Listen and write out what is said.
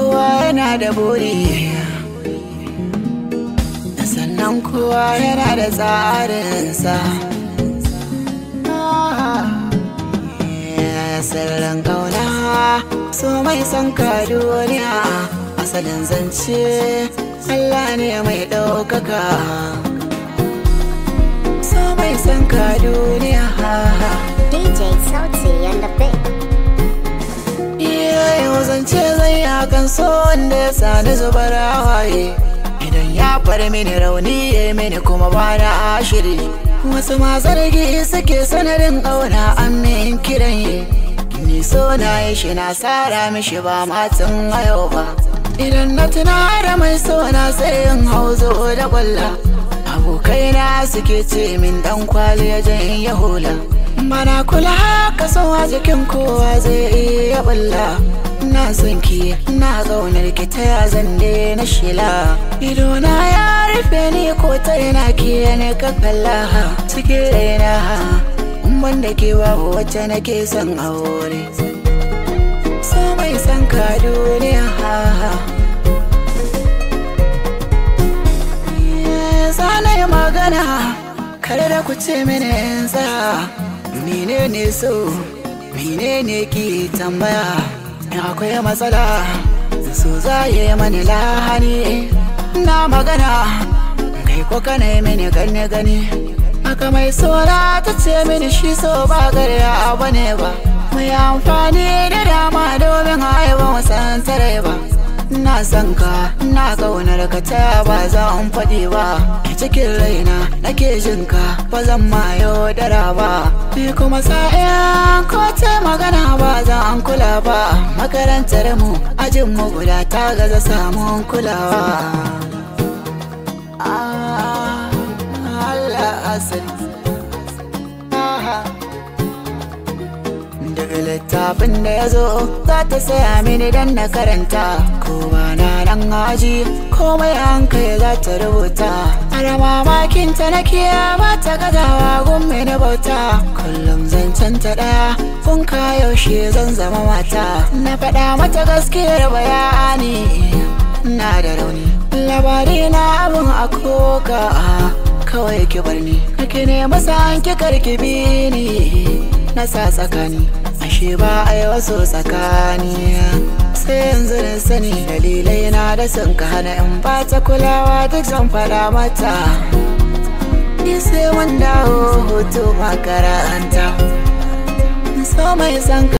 kowa yana da buri sannan kowa yana da tsarinsa ah, sirrin kauna so mai son ka duniya asalin zance Allah ne mai ɗaukaka so mai son ka duniya DJ Sauti yanda kan so wanda ya sani zubar hawaye idan ya bar mini rauni ya mini kuma ba na ashiri wasu ma zargi suke sanarin auna an min kiran yi ni so na yi shi na sara mishi ba matan ayo ba idan na tuna da mai so na sai in hauzo da kwalla abokaina suke ce min dan kwali ya jan ya hula Mana kula haka a jikin kowa zai iya balla Na son na zaunar ki ta ya zande na shila Ido na ya rufe ni ko ta yana ki ne ka kalla cike raina wanda ke babu wacce ke son aure So mai son ka duniya Sana magana kare da ku ce mini yanzu menene so menene ki tambaya in akwai matsala so za yi mani lahani na magana kai ko kana mini gane gane aka mai sora ta ce mini shi so ba garya abu ne ba mu amfani da dama domin haihuwa wasan ba ina son ka ina kaunar ka ta ba za in faɗi ba a cikin raina nake jin ka ba zan ma yaudara ba ni kuma sa'a ko ta magana ba za an kula ba makarantar mu ajin mu guda ta gaza samun kulawa ah, Allah asali duk littafin da ya zo za ta saya mini dan na karanta ko ba na nan haji komai mai za ta rubuta ana mamakin ta na ba ta gazawa gummi na bauta kullum zancen ta daya kun yaushe zan zama mata na faɗa mata gaskiyar bayani na da rauni labari na abin a koka kawai ki bar ni kake ne masa an ki karki ni na sa tsakani ashe ba a yi wasu tsakani sai yanzu na sani dalilai na da sun ka hana in ba ta kulawa duk zan fada mata ni sai wanda hoto makaranta so mai san